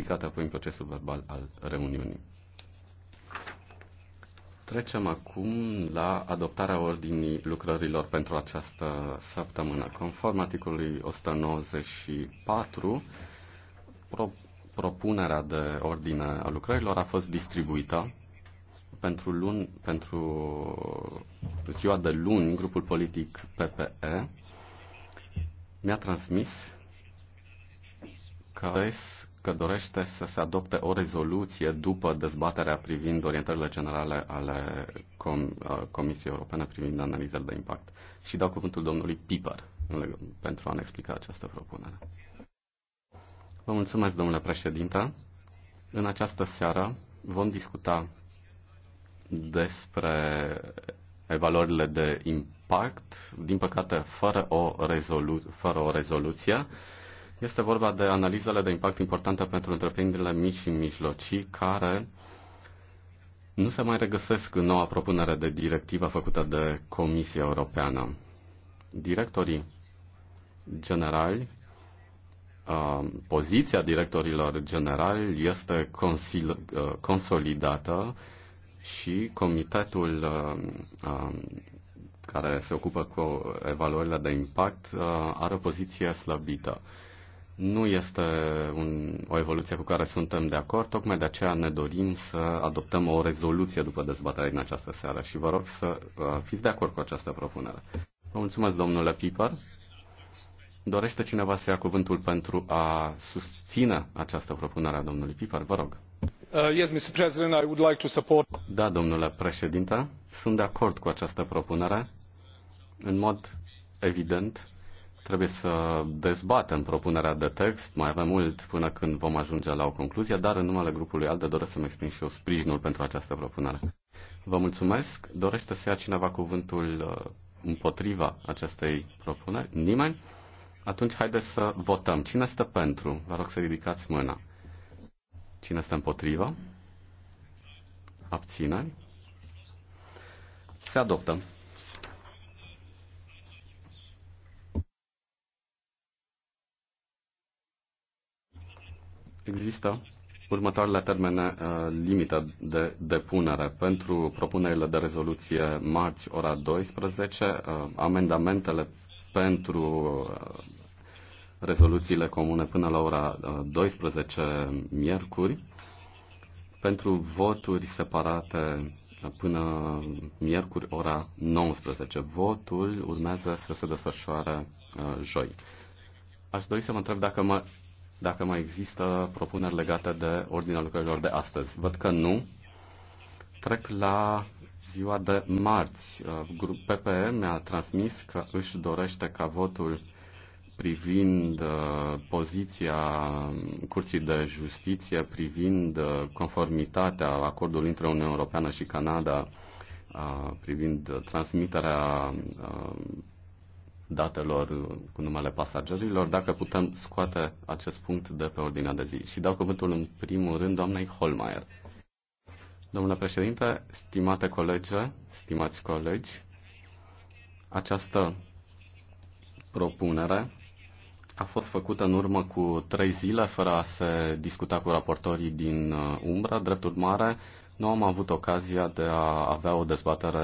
explicat apoi în procesul verbal al reuniunii. Trecem acum la adoptarea ordinii lucrărilor pentru această săptămână. Conform articolului 194, pro- propunerea de ordine a lucrărilor a fost distribuită pentru, luni, pentru ziua de luni, grupul politic PPE mi-a transmis că că dorește să se adopte o rezoluție după dezbaterea privind orientările generale ale Com- Comisiei Europene privind analizele de impact. Și dau cuvântul domnului Piper pentru a ne explica această propunere. Vă mulțumesc, domnule președinte. În această seară vom discuta despre evaluările de impact, din păcate fără o, rezolu- fără o rezoluție este vorba de analizele de impact importante pentru întreprinderile mici și mijlocii, care nu se mai regăsesc în noua propunere de directivă făcută de Comisia Europeană. Directorii generali, poziția directorilor generali este consolidată și comitetul care se ocupă cu evaluările de impact are o poziție slăbită nu este un, o evoluție cu care suntem de acord, tocmai de aceea ne dorim să adoptăm o rezoluție după dezbaterea din această seară și vă rog să uh, fiți de acord cu această propunere. Vă mulțumesc, domnule Piper. Dorește cineva să ia cuvântul pentru a susține această propunere a domnului Piper? Vă rog. Uh, yes, Mr. President, I would like to support... Da, domnule președinte, sunt de acord cu această propunere. În mod evident, Trebuie să dezbatem propunerea de text, mai avem mult până când vom ajunge la o concluzie, dar în numele grupului ALDE doresc să-mi exprim și eu sprijinul pentru această propunere. Vă mulțumesc. Dorește să ia cineva cuvântul uh, împotriva acestei propuneri? Nimeni? Atunci haideți să votăm. Cine este pentru? Vă rog să ridicați mâna. Cine este împotriva? Abțineri? Se adoptă. Există următoarele termene uh, limită de depunere pentru propunerile de rezoluție marți ora 12, uh, amendamentele pentru uh, rezoluțiile comune până la ora uh, 12 miercuri, pentru voturi separate uh, până miercuri ora 19. Votul urmează să se desfășoare uh, joi. Aș dori să mă întreb dacă mă dacă mai există propuneri legate de ordinea lucrărilor de astăzi. Văd că nu. Trec la ziua de marți. Uh, grup PPE mi-a transmis că își dorește ca votul privind uh, poziția Curții de Justiție, privind uh, conformitatea acordului între Uniunea Europeană și Canada, privind transmiterea datelor uh, cu numele pasagerilor, dacă putem scoate acest punct de pe ordinea de zi. Și dau cuvântul în primul rând doamnei Holmeier. Domnule președinte, stimate colege, stimați colegi, această propunere a fost făcută în urmă cu trei zile fără a se discuta cu raportorii din uh, umbra. Drept urmare, nu am avut ocazia de a avea o dezbatere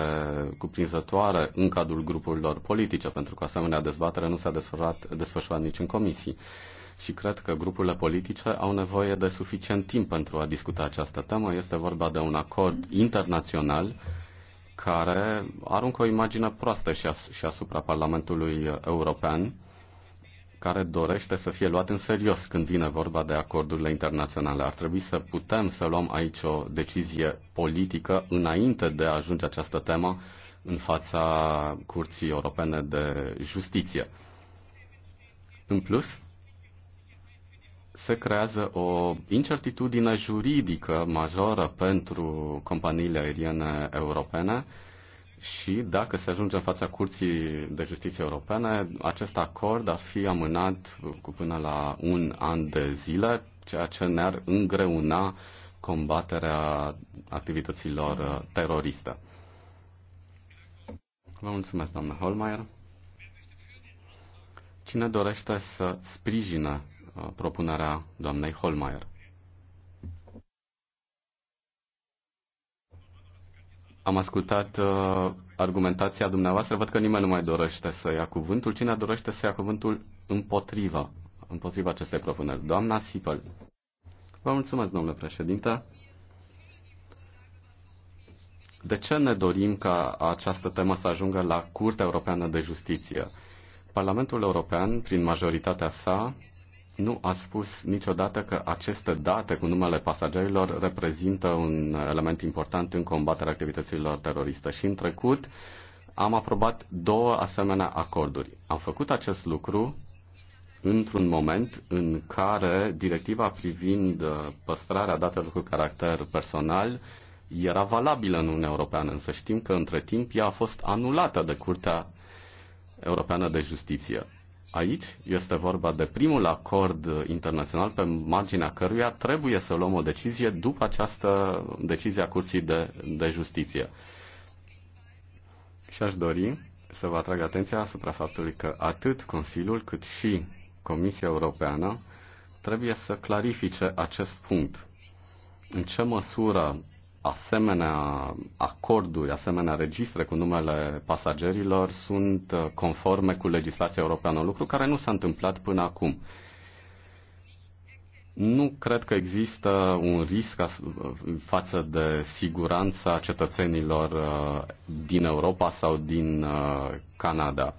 cuprinzătoare în cadrul grupurilor politice, pentru că asemenea dezbatere nu s-a desfășurat, desfășurat nici în comisii. Și cred că grupurile politice au nevoie de suficient timp pentru a discuta această temă. Este vorba de un acord internațional care aruncă o imagine proastă și asupra Parlamentului European care dorește să fie luat în serios când vine vorba de acordurile internaționale. Ar trebui să putem să luăm aici o decizie politică înainte de a ajunge această temă în fața Curții Europene de Justiție. În plus, se creează o incertitudine juridică majoră pentru companiile aeriene europene, și dacă se ajunge în fața Curții de Justiție Europene, acest acord ar fi amânat cu până la un an de zile, ceea ce ne-ar îngreuna combaterea activităților teroriste. Vă mulțumesc, doamnă Holmeier. Cine dorește să sprijină uh, propunerea doamnei Holmeier? Am ascultat uh, argumentația dumneavoastră, văd că nimeni nu mai dorește să ia cuvântul. Cine dorește să ia cuvântul împotriva, împotriva acestei propuneri? Doamna Sipăl. Vă mulțumesc, domnule președinte. De ce ne dorim ca această temă să ajungă la Curtea Europeană de Justiție? Parlamentul European, prin majoritatea sa, nu a spus niciodată că aceste date cu numele pasagerilor reprezintă un element important în combaterea activităților teroriste. Și în trecut am aprobat două asemenea acorduri. Am făcut acest lucru într-un moment în care directiva privind uh, păstrarea datelor cu caracter personal era valabilă în Uniunea Europeană, însă știm că între timp ea a fost anulată de Curtea Europeană de Justiție. Aici este vorba de primul acord internațional pe marginea căruia trebuie să luăm o decizie după această decizie a Curții de, de Justiție. Și aș dori să vă atrag atenția asupra faptului că atât Consiliul cât și Comisia Europeană trebuie să clarifice acest punct. În ce măsură asemenea acorduri, asemenea registre cu numele pasagerilor sunt uh, conforme cu legislația europeană, lucru care nu s-a întâmplat până acum. Nu cred că există un risc uh, față de siguranța cetățenilor uh, din Europa sau din Canada.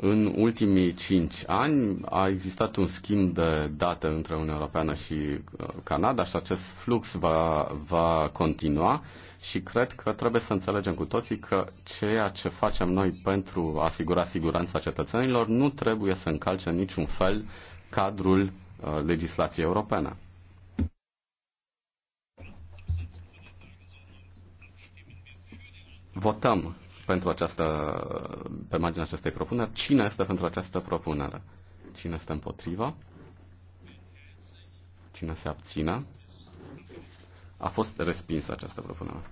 În ultimii cinci ani a existat un schimb de date între Uniunea Europeană și uh, Canada și acest flux va, va continua și cred că trebuie să înțelegem cu toții că ceea ce facem noi pentru a asigura siguranța cetățenilor nu trebuie să încalce în niciun fel cadrul uh, legislației europene. Votăm pentru această, pe marginea acestei propuneri. Cine este pentru această propunere? Cine este împotriva? Cine se abține? A fost respinsă această propunere.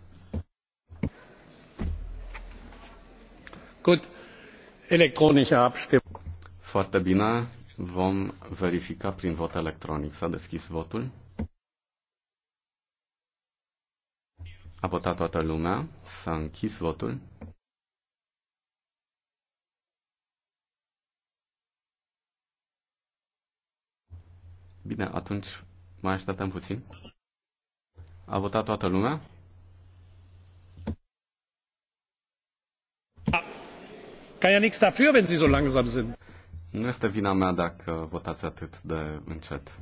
Good. Electronice Abstimmung. Foarte bine. Vom verifica prin vot electronic. S-a deschis votul. A votat toată lumea. S-a închis votul. Bine, atunci mai așteptăm puțin. A votat toată lumea? Da. Kann ja nichts dafür, wenn Sie so langsam sind. Nu este vina mea dacă votați atât de încet.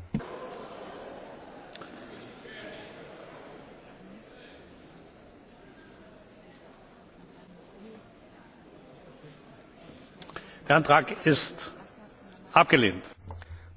Der Antrag ist abgelehnt.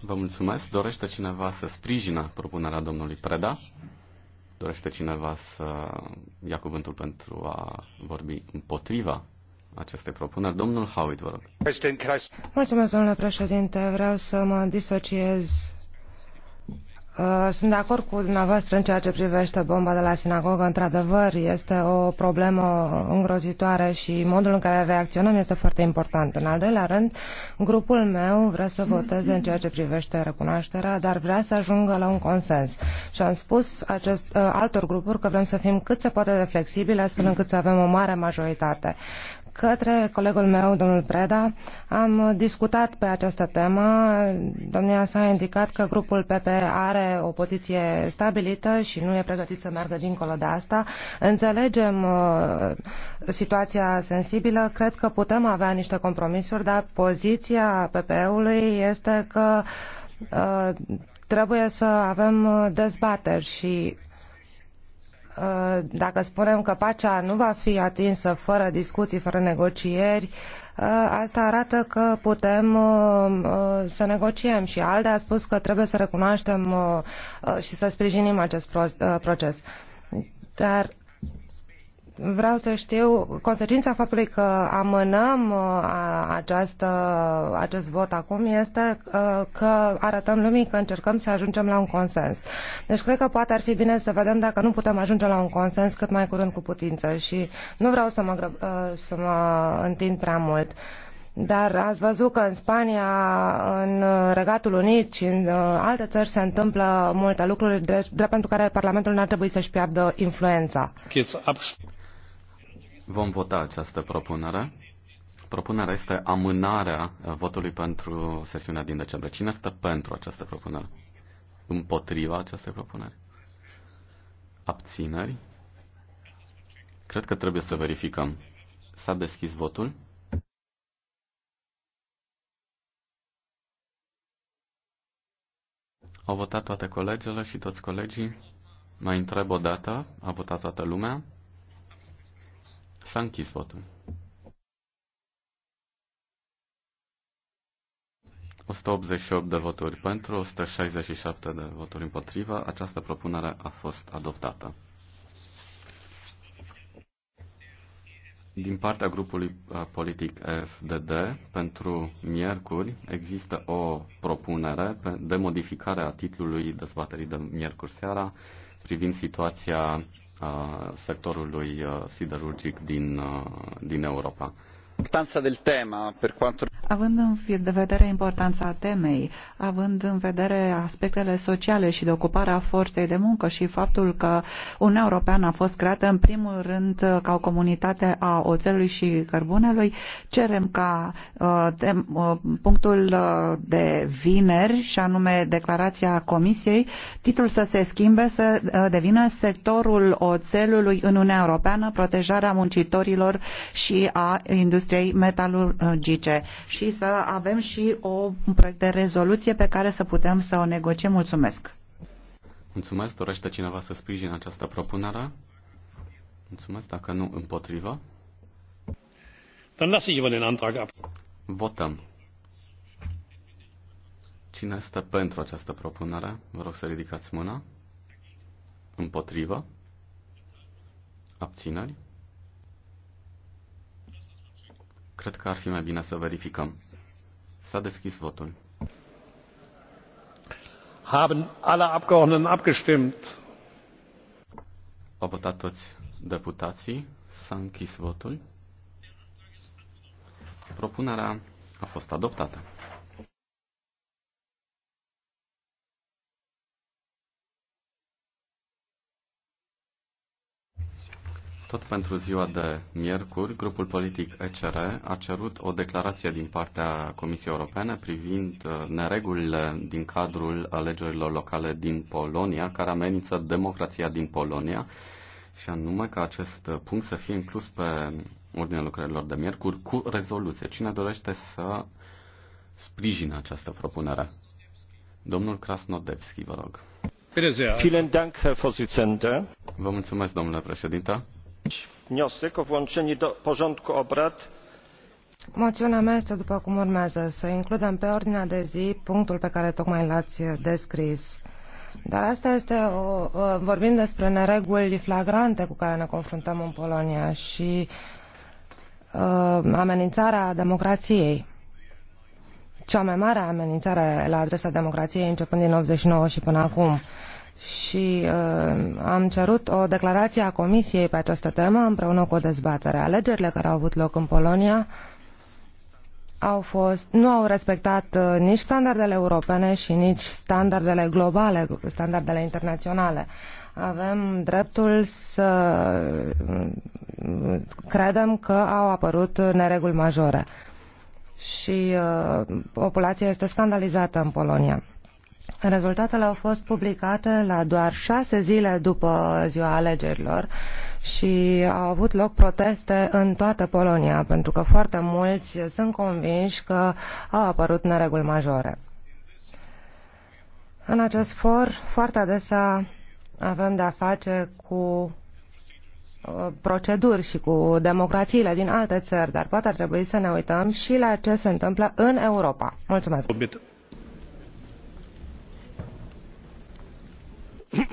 Vă mulțumesc. Dorește cineva să sprijină propunerea domnului Preda? Dorește cineva să ia cuvântul pentru a vorbi împotriva acestei propuneri. Domnul Howitt, vă rog. Mulțumesc, domnule președinte. Vreau să mă disociez Uh, sunt de acord cu dumneavoastră în ceea ce privește bomba de la sinagogă. Într-adevăr, este o problemă îngrozitoare și modul în care reacționăm este foarte important. În al doilea rând, grupul meu vrea să voteze în ceea ce privește recunoașterea, dar vrea să ajungă la un consens. Și am spus acest, uh, altor grupuri că vrem să fim cât se poate de flexibili, astfel încât să avem o mare majoritate către colegul meu, domnul Preda. Am discutat pe această temă. Domnia s-a indicat că grupul PP are o poziție stabilită și nu e pregătit să meargă dincolo de asta. Înțelegem uh, situația sensibilă. Cred că putem avea niște compromisuri, dar poziția PP-ului este că uh, trebuie să avem uh, dezbateri și Uh, dacă spunem că pacea nu va fi atinsă fără discuții, fără negocieri, uh, asta arată că putem uh, să negociem și ALDE a spus că trebuie să recunoaștem și să sprijinim acest proces. Dar vreau să știu consecința faptului că amânăm uh, această, acest vot acum este uh, că arătăm lumii că încercăm să ajungem la un consens. Deci cred că poate ar fi bine să vedem dacă nu putem ajunge la un consens cât mai curând cu putință și nu vreau să mă, uh, să mă întind prea mult. Dar ați văzut că în Spania, în Regatul Unit și în alte țări se întâmplă multe lucruri, drept pentru care Parlamentul n-ar trebui să-și piardă influența. Vom vota această propunere. Propunerea este amânarea votului pentru sesiunea din decembrie. Cine este pentru această propunere? Împotriva acestei propuneri? Abțineri? Cred că trebuie să verificăm. S-a deschis votul? Au votat toate colegele și toți colegii? Mai întreb o dată, a votat toată lumea? S-a închis votul. 188 de voturi pentru, 167 de voturi împotriva. Această propunere a fost adoptată. Din partea grupului uh, politic FDD, pentru miercuri, există o propunere de modificare a titlului dezbaterii de miercuri seara privind situația Uh, sectorului uh, siderurgic din, uh, din Europa. Având în vedere importanța temei, având în vedere aspectele sociale și de ocuparea forței de muncă și faptul că Uniunea Europeană a fost creată în primul rând ca o comunitate a oțelului și cărbunelui, cerem ca uh, uh, punctul uh, de vineri, și anume declarația Comisiei, titlul să se schimbe, să devină sectorul oțelului în Uniunea Europeană, protejarea muncitorilor și a industriei industriei metalurgice și să avem și o, un proiect de rezoluție pe care să putem să o negociem. Mulțumesc! Mulțumesc! Dorește cineva să sprijine această propunere? Mulțumesc, dacă nu împotriva. Dann lasse ich über den Antrag ab. Votăm. Cine este pentru această propunere? Vă rog să ridicați mâna. Împotrivă? Abțineri? cred că ar fi mai bine să verificăm. S-a deschis votul. Haben alle Abgeordneten abgestimmt? Au votat toți deputații. S-a închis votul. Propunerea a fost adoptată. Tot pentru ziua de miercuri, grupul politic ECR a cerut o declarație din partea Comisiei Europene privind uh, neregulile din cadrul alegerilor locale din Polonia, care amenință democrația din Polonia, și anume ca acest uh, punct să fie inclus pe ordinea lucrărilor de miercuri cu rezoluție. Cine dorește să sprijine această propunere? Domnul Krasnodebski, vă rog. Vă mulțumesc, domnule președinte. Wniosek o włączenie do porządku obrad Moțiunea mea este după cum urmează, să includem pe ordinea de zi punctul pe care tocmai l-ați descris. Dar asta este o, vorbim despre nereguli flagrante cu care ne confruntăm în Polonia și uh, amenințarea democrației. Cea mai mare amenințare la adresa democrației începând din 89 și până acum. Uh, și uh, am cerut o declarație a Comisiei pe această temă împreună cu o dezbatere. Alegerile care au avut loc în Polonia au fost, nu au respectat uh, nici standardele europene și nici standardele globale, standardele internaționale. Avem dreptul să uh, credem că au apărut nereguli majore și uh, populația este scandalizată în Polonia. Rezultatele au fost publicate la doar șase zile după ziua alegerilor și au avut loc proteste în toată Polonia, pentru că foarte mulți sunt convinși că au apărut nereguli majore. În acest for, foarte adesea avem de-a face cu uh, proceduri și cu democrațiile din alte țări, dar poate ar trebui să ne uităm și la ce se întâmplă în Europa. Mulțumesc!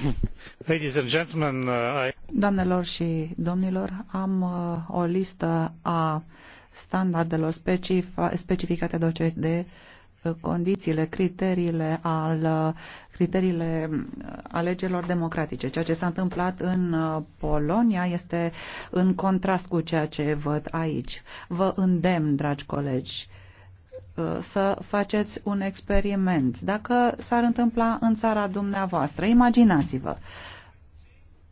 Uh, Doamnelor și domnilor, am uh, o listă a standardelor specificate de uh, condițiile, criteriile al criteriile alegerilor democratice. Ceea ce s-a întâmplat în Polonia este în contrast cu ceea ce văd aici. Vă îndemn, dragi colegi, Uh, să faceți un experiment. Dacă s-ar întâmpla în țara dumneavoastră, imaginați-vă,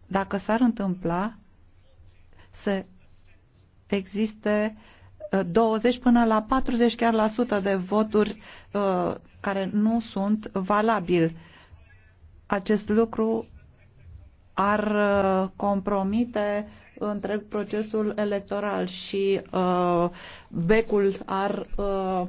dacă s-ar întâmpla să existe 20 uh, până la 40 chiar la sută de voturi uh, care nu sunt valabili. Acest lucru ar compromite întreg procesul electoral și uh, becul ar uh,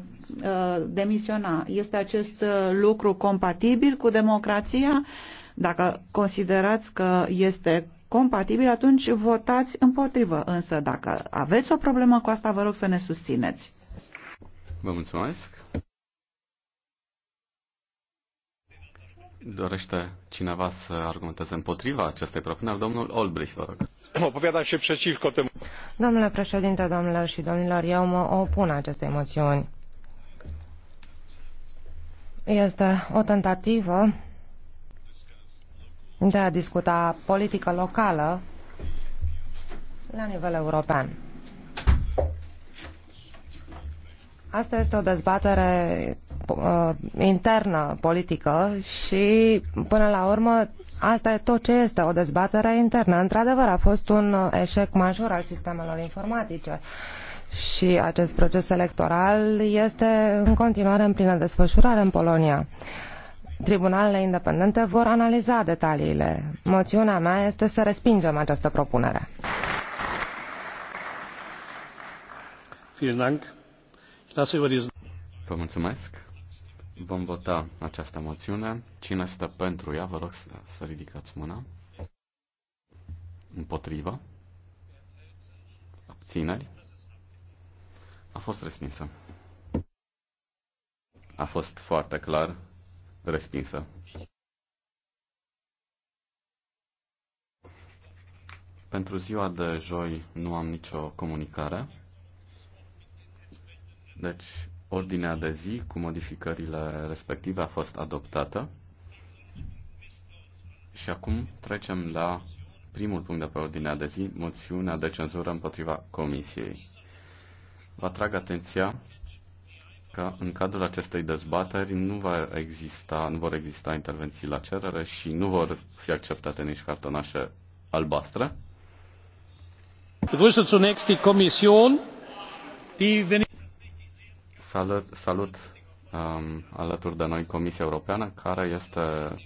uh, demisiona. Este acest uh, lucru compatibil cu democrația? Dacă considerați că este compatibil, atunci votați împotrivă. Însă dacă aveți o problemă cu asta, vă rog să ne susțineți. Vă mulțumesc. Dorește cineva să argumenteze împotriva acestei propuneri? Domnul Olbrich, vă rog opowiadam się przeciwko temu. Domnule președinte, domnilor și domnilor, eu mă opun acestei moțiuni. Este o tentativă de a discuta politică locală la nivel european. Asta este o dezbatere Uh, internă politică și, până la urmă, asta e tot ce este, o dezbatere internă. Într-adevăr, a fost un eșec major al sistemelor informatice și acest proces electoral este în continuare în plină desfășurare în Polonia. Tribunalele independente vor analiza detaliile. Moțiunea mea este să respingem această propunere. Vă mulțumesc. Vom vota această moțiune. Cine stă pentru ea, vă rog să, să ridicați mâna. Împotrivă. Abțineri. A fost respinsă. A fost foarte clar respinsă. Pentru ziua de joi nu am nicio comunicare. Deci Ordinea de zi cu modificările respective a fost adoptată. Și acum trecem la primul punct de pe ordinea de zi, moțiunea de cenzură împotriva Comisiei. Vă atrag atenția că în cadrul acestei dezbateri nu, va exista, nu vor exista intervenții la cerere și nu vor fi acceptate nici cartonașe albastre. Ich begrüße zunächst die Kommission, die Salut, salut um, alături de noi Comisia Europeană, care este